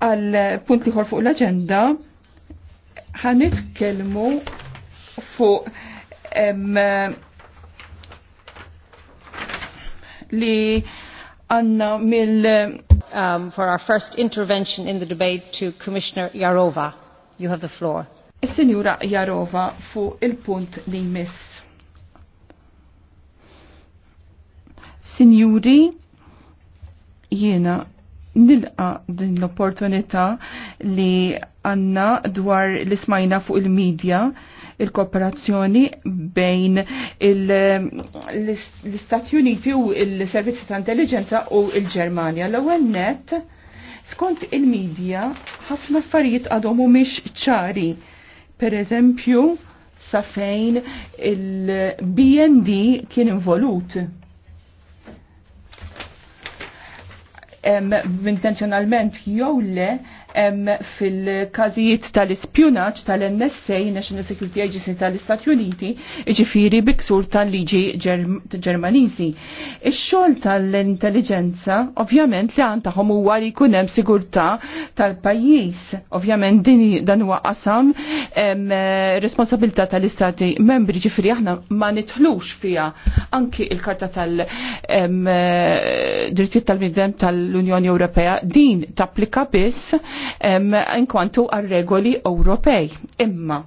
għal punt liħor fuq l-agenda Kelmu fuq li għanna mill um, for our first intervention in the debate to Commissioner Jarova. You have the floor. Signora Jarova fuq il-punt li jmiss. Signori jiena nilqa din l-opportunità li għanna dwar l-ismajna fuq il-medja il-kooperazzjoni bejn l-Istati Uniti u l servizzi ta' Intelligenza u l germania L-ewwel net skont il-medja ħafna affarijiet għadhom mhumiex ċari. Per eżempju, sa fejn il-BND kien involut intenzjonalment jew le fil-kazijiet tal-ispjunaċ tal-NSA, National Security Agency tal-Istati Uniti, iġifiri biksur tal-liġi ġermanizi. Ix-xogħol tal-intelligenza, ovvjament li għan taħom huwa li jkun hemm sigurtà tal-pajjiż. Ovvjament din dan huwa qasam responsabilità tal-Istati membri ġifiri aħna ma nitħlux fija anki il-karta tal-drittijiet tal midem tal-Unjoni Ewropea din tapplika biss inkwantu għal-regoli Ewropej. Imma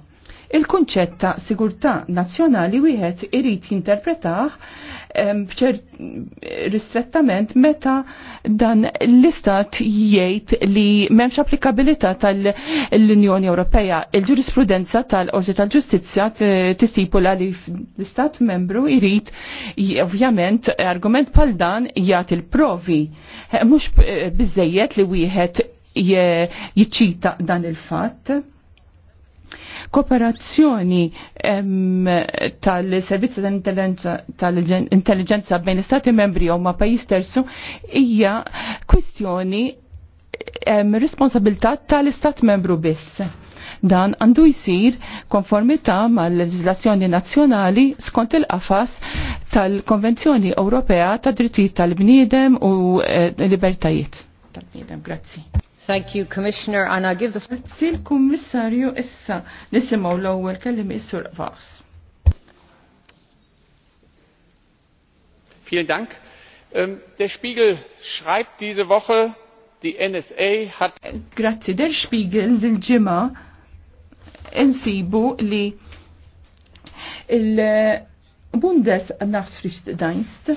il-kunċett ta' sigurtà nazzjonali wieħed irid b'ċer ristrettament meta dan l-istat jgħid li m'hemmx applikabilità tal-Unjoni Ewropea. Il-ġurisprudenza tal-Qorti tal-Ġustizzja tistipula li l-istat membru jrid ovvjament argument bħal dan jagħti il-provi. Mhux eh, bizzejiet li wieħed jiċċita dan il-fatt kooperazzjoni tal-servizzi tal-intelligenza bejn istati membri u ma pajis tersu hija kwistjoni responsabilità tal-istat membru biss. Dan għandu jisir konformità mal-leġislazzjoni nazzjonali skont il-qafas tal-Konvenzjoni Ewropea ta' drittijiet tal-bniedem u eh, libertajiet tal-bniedem. Grazzi. Thank you, Commissioner, and I give the... Grazie l-Kummissarju issa nisimaw l-ewwel kellim is Vars. Vielen Dank. Um, Der Spiegel schreibt diese Woche, die NSA hat... Grazie, der Spiegel der ġimma insibu li il- Bundes Dainst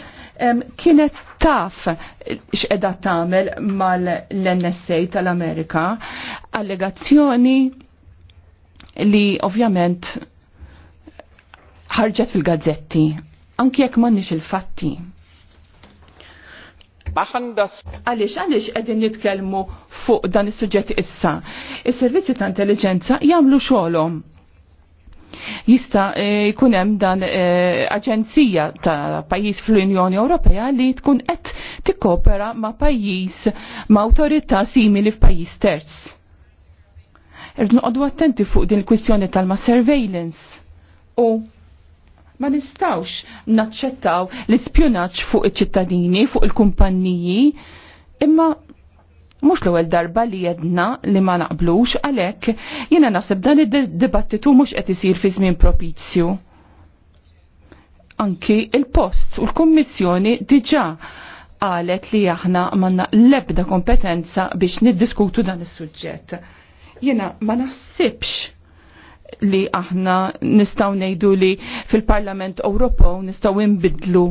kienet taf x'qeda tagħmel mal-NSA tal-Amerika allegazzjoni li ovvjament ħarġet fil-gazzetti anki jekk m'għandniex il-fatti. Għaliex għaliex qegħdin nitkellmu fuq dan is-suġġett issa. Is-servizzi ta' intelligenza jagħmlu xogħolhom jista e, jkun hemm dan e, aġenzija ta' pajjiż fl-Unjoni Ewropea li tkun qed tikkopera ma' pajjiż ma' awtorità simili f'pajjiż terz. Irdu noqogħdu attenti fuq din il-kwistjoni tal-ma' surveillance u ma nistawx naċċettaw l ispjunaġġ fuq iċ-ċittadini, fuq il-kumpanniji, imma mux l ewwel darba li jedna li ma naqblux għalek jina nasib dan id-dibattitu mux qed isir fi żmien propizju. Anki il-post u l-kommissjoni diġa għalet li aħna manna lebda kompetenza biex niddiskutu dan is-suġġett. Jina ma naħsibx li aħna nistaw nejdu li fil-Parlament Ewropew nistaw imbidlu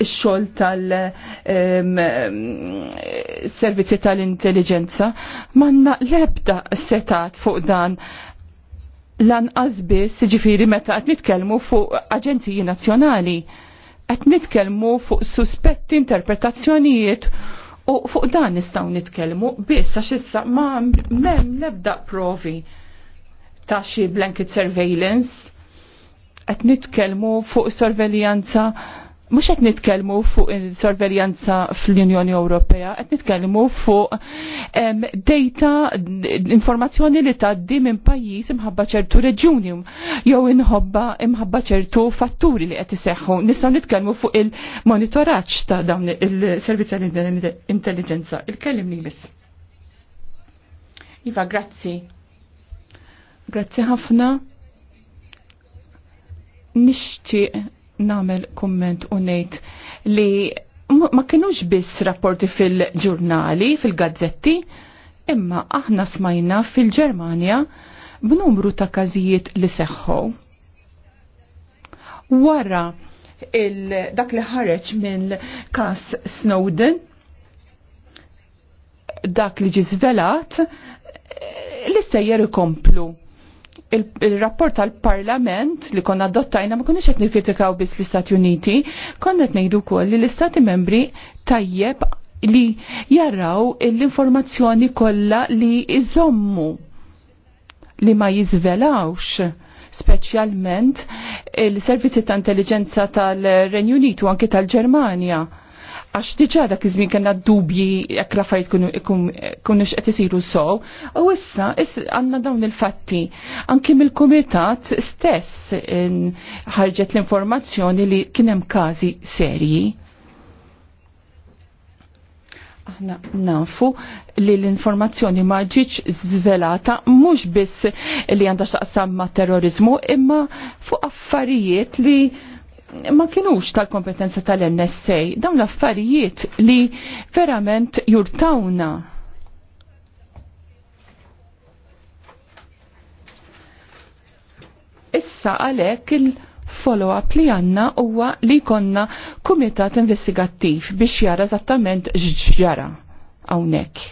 xol tal-servizzi tal-intelligenza, manna lebda setat fuq dan lan azbis, ġifiri meta għat nitkelmu fuq aġenziji nazjonali, għat nitkelmu fuq suspetti interpretazzjonijiet u fuq dan nistaw nitkelmu biss għax issa ma mem lebda provi ta' xi blanket surveillance, għat nitkelmu fuq sorveljanza mux għet nitkelmu fuq il-sorveljanza fl-Unjoni Ewropea, għet nitkelmu fuq um, data, informazzjoni li taddi minn pajis imħabba ċertu reġuni, jew inħobba imħabba ċertu fatturi li għet iseħħu. Nistaw nitkelmu fuq il-monitoraċ ta' dawn il-servizja l-intelligenza. Il-kellim li bis. Iva, grazzi. Grazzi ħafna. Nishtiq namel kumment unnejt li ma kienux biss rapporti fil-ġurnali, fil-gazzetti, imma aħna smajna fil-Ġermanja b'numru ta' każijiet li seħħu. Wara dak li ħareġ minn kas Snowden, dak li ġizvelat, żvelat, l-istejjer ikomplu il-rapport tal-parlament li konna adottajna ma konniex qed nikkritikaw biss l-Istati Uniti, konna t ngħidu wkoll li l-Istati membri tajjeb li jarraw l-informazzjoni kollha li iżommu li ma jizvelawx speċjalment il-servizzi ta' intelligenza tal-Renju Unitu anki tal-Ġermanja għax diġa dak iż-żmien kellna dubji jekk l-affarijiet kunux qed isiru sew, u issa għandna dawn il-fatti. Anki mill-kumitat stess ħarġet l-informazzjoni li kien hemm każi serji. Aħna nafu li l-informazzjoni ma ġiċ zvelata mhux biss li għandha xaqsam ma' terrorizmu imma fuq affarijiet li ma kienux tal-kompetenza tal-NSA, dawn l-affarijiet li verament jurtawna. Issa għalek il-follow-up li għanna huwa li konna kumitat investigattiv biex jara zattament ġġara għawnek.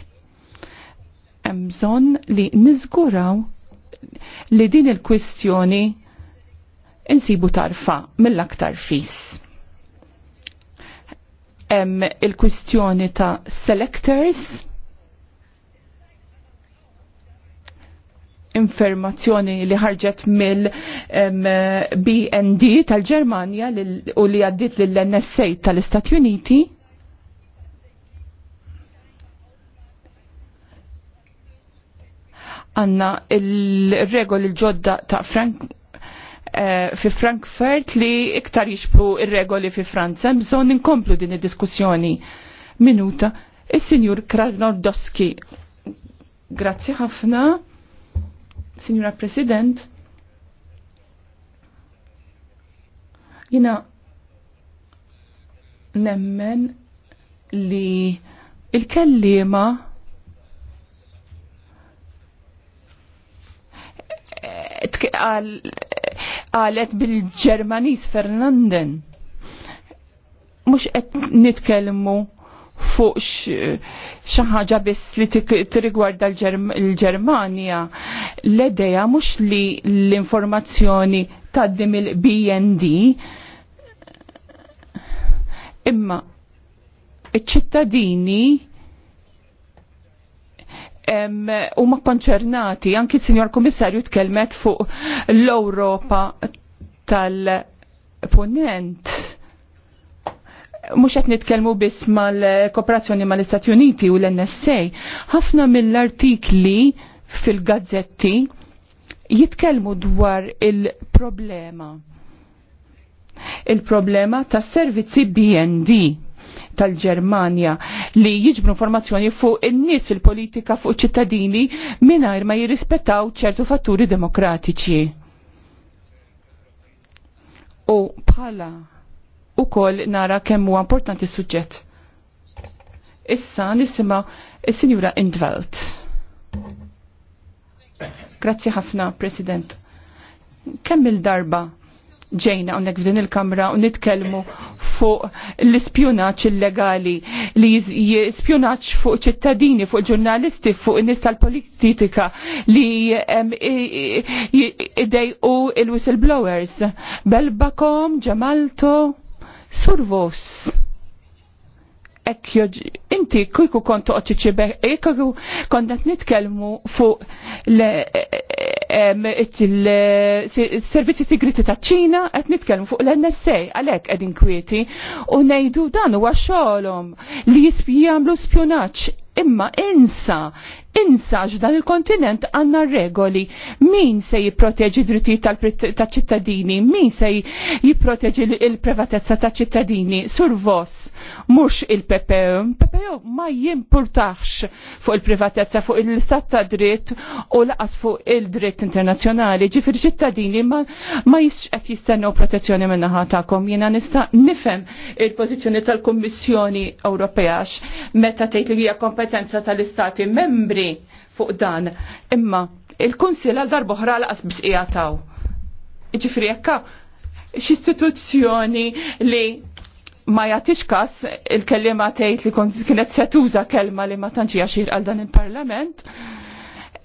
Emżon li nizguraw li din il-kwistjoni insibu tarfa mill-aktar fis. Hemm il-kwistjoni ta' selectors, informazzjoni li ħarġet mill BND tal-Ġermanja u li għaddit lill-NSA tal-Istati Uniti. Għanna il-regol il-ġodda ta' Frank Eh, fi Frankfurt li iktar jixbru ir-regoli fi Franza, bżon inkomplu din id-diskussjoni. Minuta, il-Sinjur Kralnordowski, Grazie ħafna, Sinjura President. Jina nemmen li il-kellima eh, għal qalet bil-Ġermaniż Fernanden. Mhux qed nitkellmu fuq xi ħaġa biss li t-rigwarda l ġermania l edeja mhux li l-informazzjoni taddim il-BND imma iċ-ċittadini u ma konċernati, anki s sinjor Komissarju tkelmet fuq l-Europa tal-ponent. Mux għet nitkelmu bis mal-kooperazzjoni mal-Istati Uniti u l-NSA. ħafna mill-artikli fil-gazzetti jitkelmu dwar il-problema. Il-problema tas servizzi BND tal-Germania li jiġbru informazzjoni fuq in-nies fil-politika fuq ċittadini mingħajr ma jirrispettaw ċertu fatturi demokratiċi. U bħala ukoll nara kemm huwa importanti suġġett. Issa nisimgħu is-Sinjura Indvelt. Grazzi ħafna, President. Kemm il-darba ġejna unnek f'din il-kamra u nitkellmu fuq l-ispjunaċ illegali li jispjonaċ fuq ċittadini, fuq ġurnalisti, fuq nis tal-politika li u il-whistleblowers. Belbakom, ġemalto, survos. Ekkjo, inti kujku kontu oċiċi, jekku kontet nitkelmu fuq il-servizzi segreti ta' ċina qed nitkellmu fuq l-NSA għalhekk qegħdin kwieti u ngħidu dan huwa xogħolhom li jispjamlu spjunaġġ imma insa Insax dan il-kontinent għanna regoli. Min se jipproteġi drittijiet tal-ċittadini? Min se jipproteġi il-privatezza tal-ċittadini? Sur vos, mux il-PPO. PPO ma jimportax fuq il-privatezza, fuq il-istat ta' dritt u laqas fuq il-dritt internazjonali. Ġifir ċittadini ma, ma jisqet jistennu protezzjoni minna ħatakom. Jena nista' nifem il-pozizjoni tal-Kommissjoni Ewropea meta tejt li hija kompetenza tal-Istati membri ġifiri fuq dan. Imma il-Kunsil għal darboħra laqas biex jgħataw. Ġifiri jekka x-istituzzjoni li ma jagħtix kas il-kellima tgħid li kienet se tuża kelma li ma tantx jaxir għal dan il-Parlament,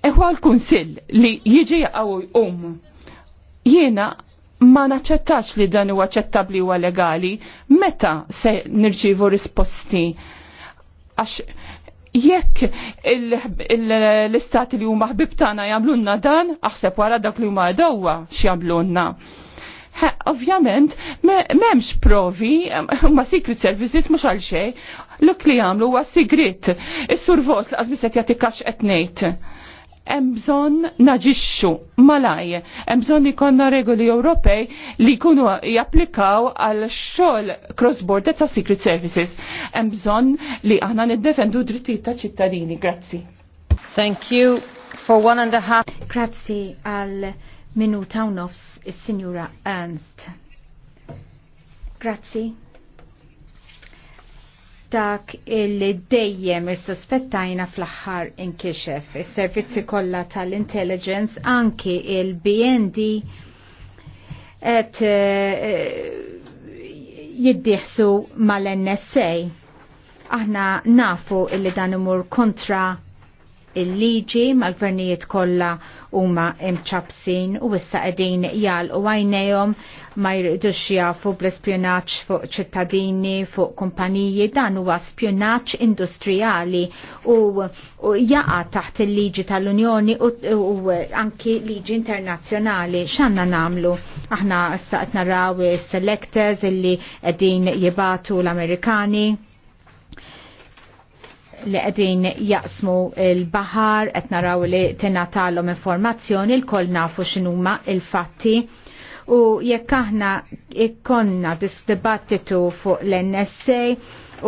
eħwa l-Kunsill li jiġi jaqgħu jqum. Jiena ma naċċettax li dan huwa aċċettabbli huwa legali, meta se nirċievu risposti għax jekk l-istati li huma ħbib tagħna jagħmlulna dan, aħseb wara dak li huma dawwa x'jagħmlunna. Ovvjament, m'hemmx provi, ma secret services mhux għal xejn, l li jagħmlu huwa sigrit. Is-survos laqas biset jagħtikax qed ngħid hemm bżonn naġixxu malaj, hemm bżonn ikonna regoli Ewropej li jkunu japplikaw għal xogħol cross-border ta' Secret Services. Hemm bżonn li aħna niddefendu drittijiet ta' ċittadini. Grazzi. Thank you for one and a half. Grazzi għal minuta u nofs il sinjura Ernst. Grazzi dak illi dejjem il sospettajna fl-aħħar inkixef. Is-servizzi kollha tal-intelligence anki il-BND et eh, eh, jiddiħsu mal-NSA. Aħna nafu illi dan imur kontra il-liġi mal-gvernijiet kollha huma imċabsin u issa qegħdin jgħalqu għajnejhom ma jridux jafu bl-espjonaġġ fuq ċittadini, fuq kumpaniji, dan huwa spjonaġġ industrijali u, u jaqa taħt il-liġi tal-Unjoni u, u anki liġi internazzjonali. X'għandna nagħmlu? Aħna issa qed naraw selectors illi qegħdin jibatu l-Amerikani li qegħdin jaqsmu l-baħar qed naraw li tingħatalhom informazzjoni l-koll nafu x'inhuma il-fatti u jekk aħna ikkonna dis-dibattitu fuq l-NSA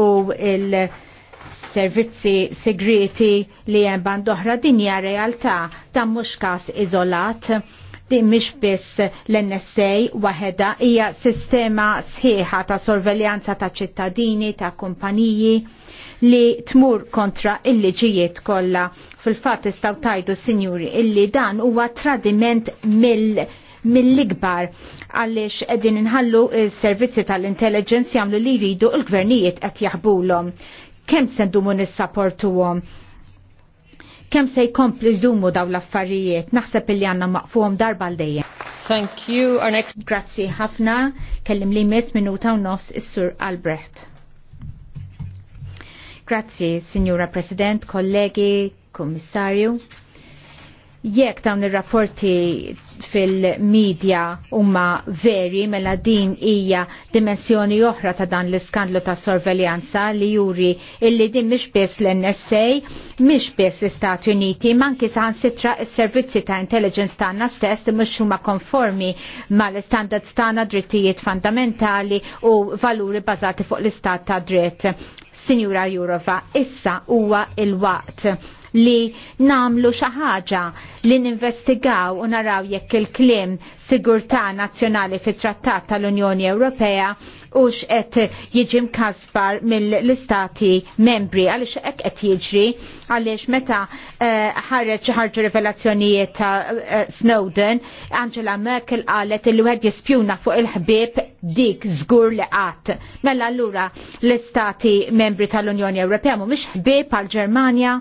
u il- servizzi segreti li hemm band oħra din hija realtà ta' mhux każ iżolat din mhix biss l-NSA waħedha hija sistema sħiħa ta' sorveljanza ta' ċittadini, ta' kumpaniji li tmur kontra il-liġijiet kollha. Fil-fatt istaw tajdu sinjuri illi dan huwa tradiment mill mill-ikbar għaliex qegħdin inħallu s-servizzi tal-intelligence jagħmlu li jridu l-gvernijiet qed jaħbulhom. Kemm se ndumu nissaportuhom? Kemm se jkompli żdumu daw l-affarijiet? Naħseb illi għandna maqfuhom darba l dejjem. Thank you. Our next Grazzi ħafna. Kellim li mis minuta u nofs is-Sur Albrecht. Grazie, Signora President, kollegi, commissario jekk dawn ir-rapporti fil-medja huma veri mela din hija dimensjoni oħra ta' dan l-iskandlu ta' sorveljanza li juri illi din mhix biss l-NSA, mhix biss l-Istati Uniti, manki saħansitra s-servizzi ta' intelligence tagħna stess li mhux huma konformi mal-istandards tagħna drittijiet fundamentali u valuri bażati fuq l-istat ta' dritt. Sinjura Jurova, issa huwa il-waqt li namlu xaħġa li ninvestigaw u naraw jekk il-klim sigurtà nazzjonali fit trattat tal-Unjoni Ewropea ux et jiġi mkasbar mill-istati membri għaliex ek qed jiġri għaliex meta eh, ħareġ ħarġ ħarġu rivelazzjonijiet ta' eh, Snowden Angela Merkel qalet il wieħed jispjuna fuq il-ħbieb dik żgur li qatt. Mela allura l-istati membri tal-Unjoni Ewropea mhumiex ħbieb għall ġermanja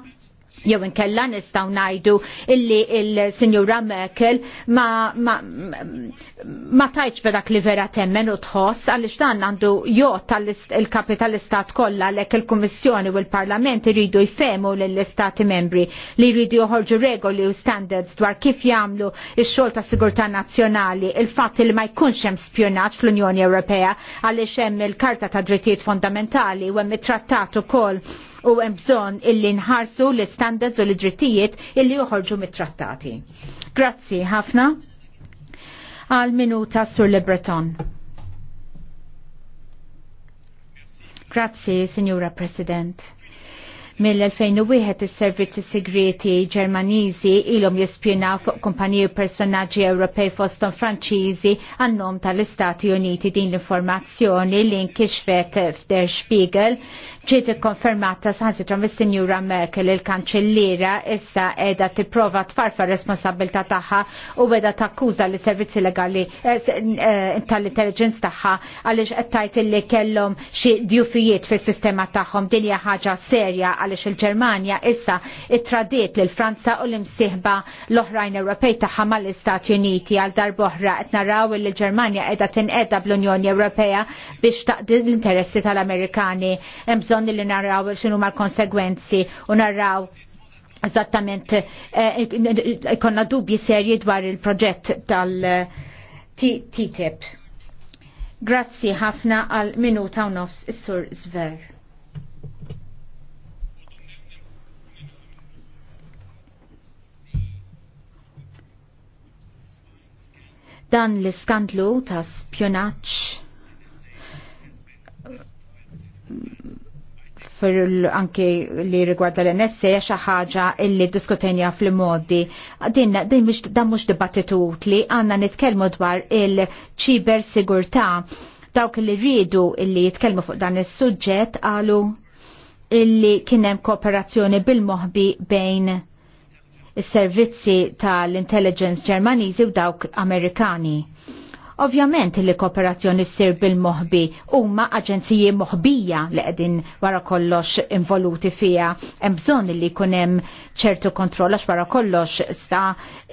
jew inkella nistgħu ngħidu illi il-Sinjura Merkel ma, ma, ma tajċ b'dak li vera temmen u tħoss għaliex dan għandu jot il-kapitalistat kollha għalhekk il-Kummissjoni u l-Parlament iridu jfemu lill-Istati membri li jridu joħorġu regoli u standards dwar kif jagħmlu ix-xogħol ta' sigurtà nazzjonali, il-fatt li ma jkunx hemm spjonaġġ fl-Unjoni Ewropea għaliex hemm il-Karta ta' Drittijiet Fondamentali u hemm it-trattat ukoll u hemm bżonn illi nħarsu l-standards u l-drittijiet illi joħorġu mit-trattati. Grazzi ħafna għal minuta sur Le Breton. Grazzi, Signora President mill-2001 is-servizzi segreti ġermaniżi ilhom jispjunaw fuq kumpaniji personaġġi Ewropej fosthom Franċiżi għannom tal-Istati Uniti din l-informazzjoni li nkixfet f'Der Spiegel ġiet ikkonfermata saħansitra mis-Sinjura Merkel il kanċellira issa qiegħda tipprova tfarfar responsabilità tagħha u beda takkuża li servizzi legali eh, eh, tal-intelligence tagħha għaliex qed tgħid illi kellhom xi djufijiet fis-sistema tagħhom din hija ħaġa serja għaliex il-Ġermanja issa ittradiet lil Franza u l-imsieħba l-oħrajn Ewropej tagħha mal-Istati Uniti għal darb'oħra qed naraw li l-Ġermanja qiegħda tinqeda bl-Unjoni Ewropea biex taqdi l-interessi tal-Amerikani bżonn li narraw xinu ma konsegwenzi u narraw eżattament eh, ikonna dubji serji dwar il-proġett tal-TTIP. Grazzi ħafna għal minuta u nofs is-sur Zver. dan l-iskandlu ta' spjonaċ anke li rigward l-NSA xi ħaġa illi diskutenja fl-modi. Din dan mhux dibattitut li għandna nitkellmu dwar il-ċiber sigurtà dawk li rridu illi jitkellmu fuq dan is-suġġett qalu illi kien hemm kooperazzjoni bil-moħbi bejn is-servizzi tal-intelligence Ġermaniżi u dawk Amerikani Ovvjament li kooperazzjoni ssir bil-moħbi huma aġenziji mohbija li qegħdin wara kollox involuti fiha. Hemm bżonn li jkun hemm ċertu kontrolla għax kollox sta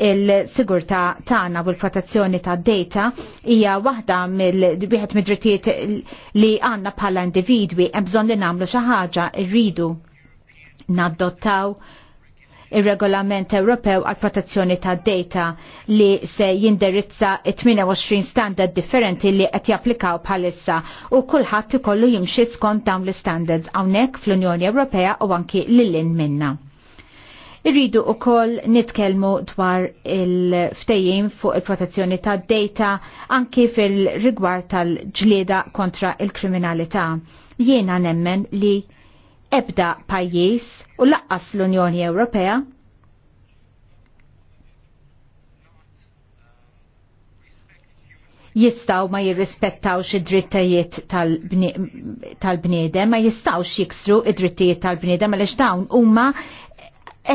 il-sigurtà tagħna u l-protezzjoni tad-data hija waħda mill-wieħed mid-drittijiet li għandna bħala individwi hemm bżonn li nagħmlu xi ħaġa rridu nadottaw il-regolament Ewropew għal protezzjoni ta' data li se jindirizza 28 standard differenti li qed japplikaw bħalissa u kulħadd ikollu jimxi skont dawn l-standards hawnhekk fl-Unjoni Ewropea u anki lilin minna. Irridu u koll nitkelmu dwar il-ftejjim fuq il-protezzjoni ta' data anki fil-rigward tal-ġlieda kontra il-kriminalità. Jiena nemmen li ebda pajjiż u laqqas l-Unjoni Ewropea jistaw ma jirrispettawx id-drittajiet tal-bniedem, ma jistawx jiksru id-drittijiet tal-bniedem, għaliex dawn huma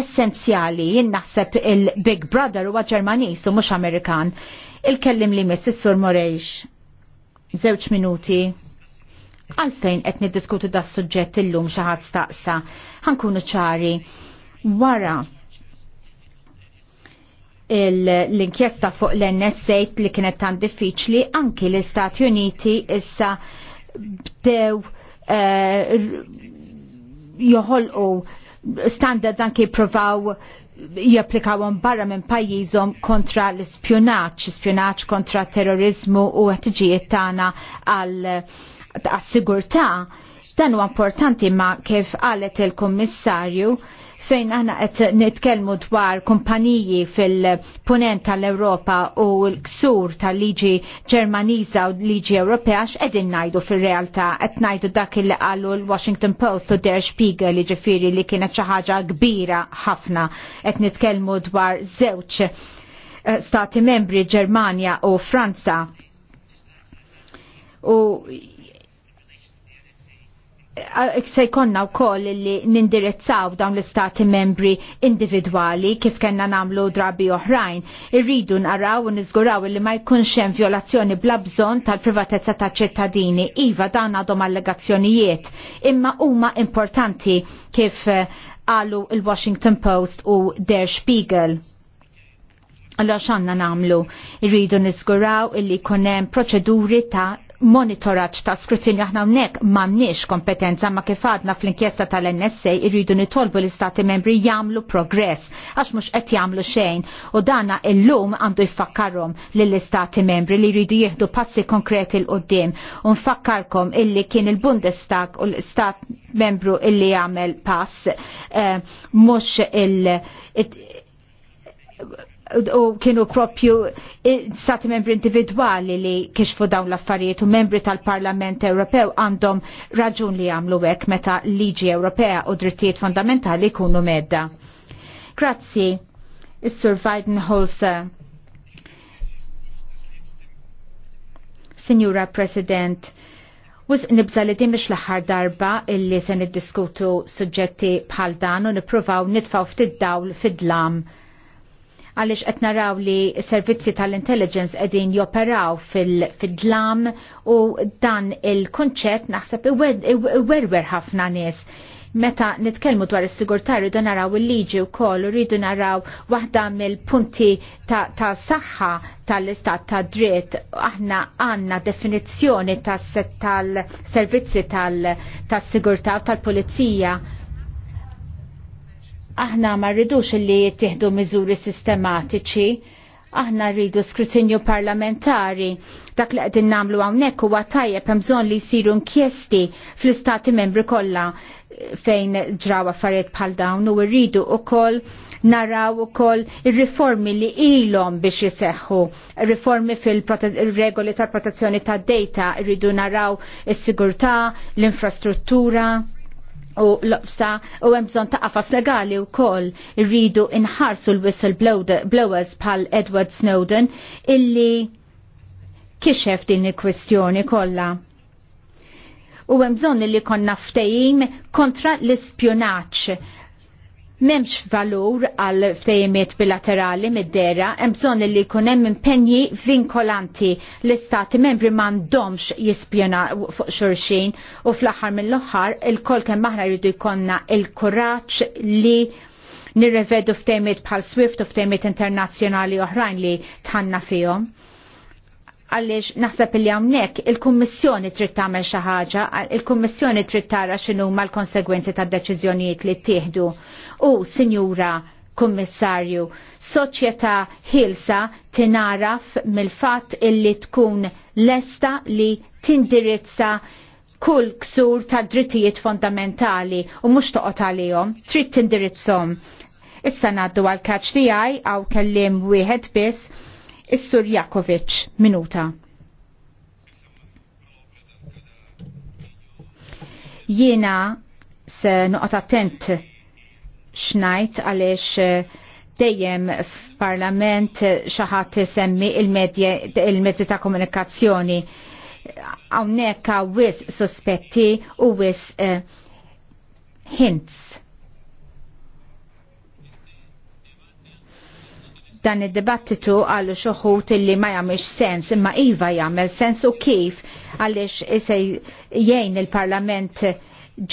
essenzjali, jien naħseb il-Big Brother huwa Ġermanis u mhux Amerikan. Il-kellim li miss is-Sur Morejx. Żewġ minuti. Għalfejn qed niddiskutu da' suġġett illum xi ħadd staqsa. Ħankunu ċari wara l-inkjesta fuq l-NSA li kienet tan diffiċli anki l-Istati Uniti issa bdew eh, joħolqu standards anki provaw japplikawhom barra minn pajjiżhom kontra l-spjonaċ, spjonaċ kontra terrorizmu u ħtiġijiet tagħna għal għas-sigurtà dan huwa importanti ma kif qalet il-Kummissarju fejn aħna qed nitkellmu dwar kumpaniji fil-punent tal-Ewropa u l-ksur tal-liġi Ġermaniża u l-liġi Ewropea x'qegħdin ngħidu fir-realtà qed ngħidu dak il qalu l-Washington Post u Der Spiegel jiġifieri li kienet xi ħaġa kbira ħafna qed nitkellmu dwar żewġ eh, stati membri Ġermanja u Franza u se jkonna u koll li nindirizzaw dawn l-istati membri individuali kif kena namlu drabi oħrajn. Irridu naraw u nizguraw li ma jkunx hemm violazzjoni bla bżon tal-privatezza ta' ċittadini. Iva dan għadhom allegazzjonijiet, imma huma importanti kif eh, għalu il-Washington Post u Der Spiegel. Allora xanna namlu, irridu nizguraw illi kunem proċeduri ta' monitoraċ ta' skrutinju aħna unnek mamniex kompetenza ma kif għadna fl-inkjesta tal-NSA irridu nitolbu l-istati membri jamlu progress għax mux qed jamlu xejn u dana illum għandu jfakkarhom lill-istati membri li jridu jieħdu passi konkreti l-qoddim u nfakkarkom illi kien il-Bundestag u l-istat membru illi jagħmel pass eh, mhux il- it, u kienu propju stati membri individuali li kixfu dawn l-affarijiet u membri tal-Parlament Ewropew għandhom raġun li għamlu hekk meta liġi Ewropea u drittijiet fondamentali jkunu medda. Grazzi, Is-Sur Holse. Signora President, Wuz nibza li dimix laħar l-aħħar darba illi se niddiskutu suġġetti bħal dan u nippruvaw nitfaw ftit dawl fid-dlam għaliex qed naraw li servizzi tal-intelligence qegħdin joperaw fil-dlam u dan il-kunċett naħseb iwerwer ħafna nies meta nitkellmu dwar is-sigurtà rridu naraw il-liġi wkoll u rridu naraw waħda mill-punti ta', ta saħħa tal-istat ta' dritt aħna għandna definizzjoni tas-servizzi tal-sigurtà tal-pulizija tal sigurtà tal pulizija aħna ma rridux li jittieħdu miżuri sistematiċi, aħna rridu skrutinju parlamentari. Dak li qegħdin nagħmlu hawnhekk huwa tajjeb hemm bżonn li jsiru nkjesti fl-istati membri kollha fejn ġraw affarijiet bħal dawn u rridu wkoll naraw ukoll ir-riformi li ilhom biex jiseħħu, riformi fil-regoli tal-protezzjoni tad-data, rridu naraw is-sigurtà, l-infrastruttura u l-obsa u hemm bżonn ta' għafas legali wkoll rridu inħarsu l-whistleblowers bħal Edward Snowden illi kiexef din il-kwestjoni kollha. U hemm bżonn konna ftejim kontra l spionaċ memx valur għal ftejimiet bilaterali mid-dera, emson li kunem impenji vinkolanti l-istati membri mandomx jispjona fuq xurxin u fl-axar mill-axar il-kol kem maħna jridu jkonna il-kuraċ li nirrevedu ftejmiet bħal Swift u ftejmiet internazzjonali oħrajn li tħanna fihom għaliex naħseb li hawnhekk il-Kummissjoni trid tagħmel xi ħaġa, il-Kummissjoni trid tara x'inhu l konsegwenzi tad-deċiżjonijiet li ttieħdu. U, Sinjura Kummissarju, soċjetà ħilsa tinaraf mill-fatt illi tkun lesta li tindirizza kull ksur ta' drittijiet fondamentali u mhux toqgħod għalihom, trid tindirizzhom. Issa ngħaddu għal kaċ tiegħi għaw kellim wieħed biss Is-Sur Jakovic, minuta. Jiena se noqgħod attent xnajt għaliex eh, dejjem f'Parlament xi ħadd isemmi il-medji ta' komunikazzjoni hawnhekk wis sospetti u wis uh, hints Dan id-dibattitu għallu xoħut illi ma jagħmilx sens, imma iva jagħmel sens u kif għaliex isej jgħin il-Parlament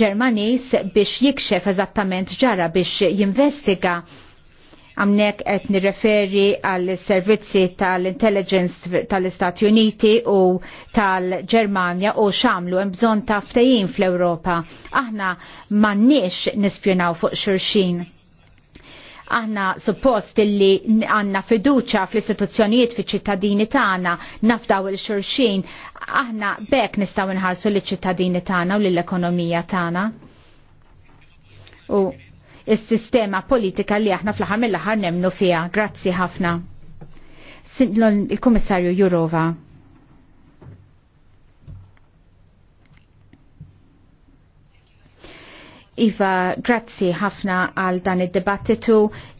Ġermanis biex jikxef eżattament ġara biex jinvestiga għamnek qed nirreferi għal servizzi tal-intelligence tal-Istati Uniti u tal-Ġermanja u xamlu hemm bżonn ta' fl-Ewropa. Aħna m'għandniex nispjunaw fuq xurxin. Aħna suppost illi għanna fiduċa fl-istituzzjonijiet fi ċittadini tagħna nafdaw il-xurxin, aħna bekk nistgħu nħarsu l ċittadini tagħna u l-ekonomija tagħna. U s sistema politika li aħna fl-aħħar mill-aħħar nemnu fiha. Grazzi ħafna. Il-Kummissarju Jurova. Iva, grazzi ħafna għal dan id-dibattitu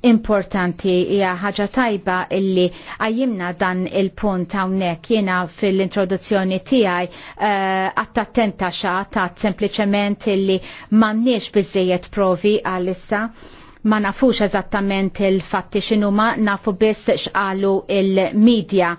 importanti hija ħaġa tajba illi għajjimna dan il-punt hawnhekk jiena fil-introduzzjoni tiegħi eh, għattattenta uh, xa għattat sempliċement illi m'għandniex biżejjed provi għal issa ma nafux eżattament il-fatti x'inhuma nafu biss x'qalu il-medja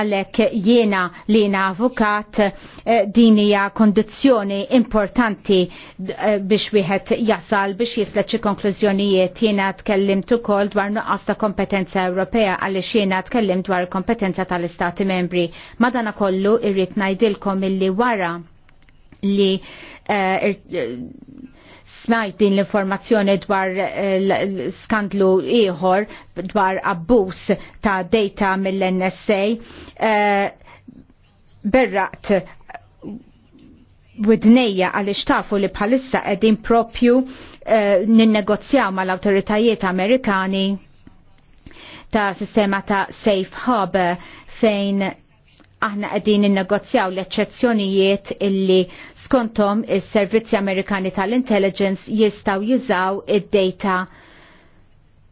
għalhekk jiena li jiena avukat eh, din hija kondizzjoni importanti eh, biex wieħed jasal biex jislet xi konklużjonijiet jiena tkellimt ukoll dwar nuqqas ta' kompetenza Ewropea għaliex jiena tkellimt dwar kompetenza tal-Istati membri. Madana kollu irrid ngħidilkom illi wara li eh, smajt din l-informazzjoni dwar eh, skandlu ieħor dwar abbus ta' data mill-NSA eh, berraqt widnejja għaliex tafu li bħalissa qegħdin propju eh, ninnegozjaw mal-awtoritajiet Amerikani ta' sistema ta' safe hub fejn aħna qegħdin innegozjaw l-eċċezzjonijiet illi skontom is-Servizzi Amerikani tal-Intelligence jistgħu jużaw id-data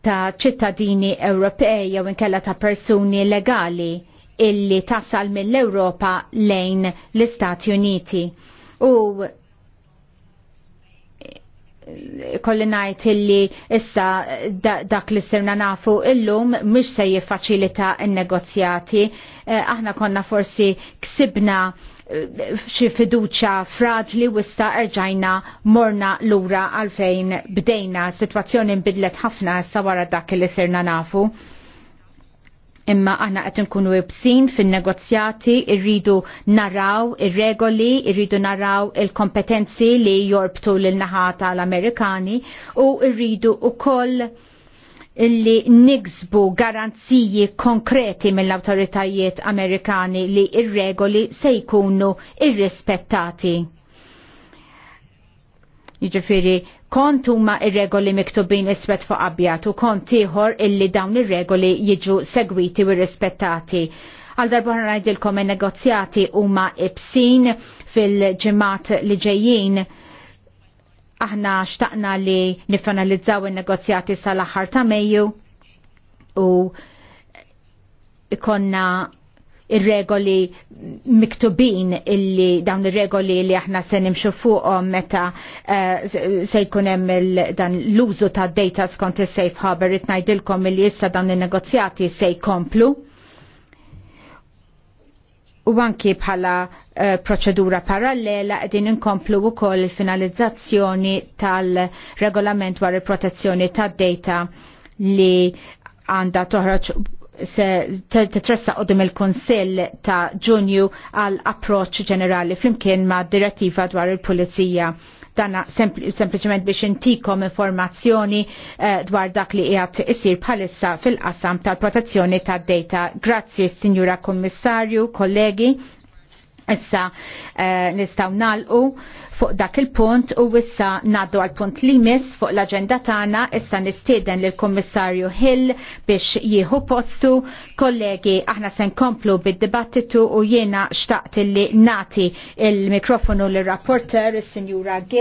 ta' ċittadini Ewropej jew inkella ta' persuni legali illi tasal mill-Ewropa lejn l-Istati Uniti. U kolli najt illi issa dak li sirna nafu illum mish se jiffaċilita il-negozjati. Eh, aħna konna forsi ksibna eh, xi fiduċa fraġli wista erġajna morna lura għalfejn bdejna. Situazzjoni nbidlet ħafna issa wara dak li sirna nafu imma aħna qed inkunu ibsin fin-negozjati, irridu naraw ir-regoli, irridu naraw il-kompetenzi li jorbtu lil naħa tal-Amerikani u rridu ukoll illi niksbu garanziji konkreti mill-autoritajiet Amerikani li ir-regoli se jkunu irrispettati. Jiġifieri kont huma ir-regoli miktubin isbet fuq abjad u kont ieħor illi dawn ir-regoli jiġu segwiti u rispettati. Għal darba ngħidilkom in-negozjati huma ibsin fil-ġimgħat li ġejjin aħna xtaqna li nifanalizzaw in-negozjati sal-aħħar ta' Mejju u ikonna ir-regoli miktubin illi dawn ir-regoli li aħna se nimxu fuqhom meta eh, se jkun hemm dan l-użu ta' data skont is-safe harbor it ngħidilkom illi issa dawn in-negozjati se jkomplu. U anki bħala eh, proċedura parallela qegħdin inkomplu wkoll il-finalizzazzjoni tal-regolament dwar il-protezzjoni tad-data li għanda toħroġ se titressa qoddim il-Konsill ta' Ġunju għal approċ ġenerali flimkien ma' direttiva dwar il-Pulizija. Dana sempliciment biex intikom informazzjoni eh, dwar dak li qiegħed isir bħalissa fil-qasam tal-protezzjoni tad-data. Grazzi, Signora Kommissarju, kollegi. Issa eh, nistaw nalqu fuq dak il-punt u issa naddu għal punt li mis fuq l-agenda tagħna issa nistieden lil kommissarju Hill biex jieħu postu. Kollegi, aħna se nkomplu bid-dibattitu u jiena xtaqt li nati il-mikrofonu l-rapporter is-Sinjura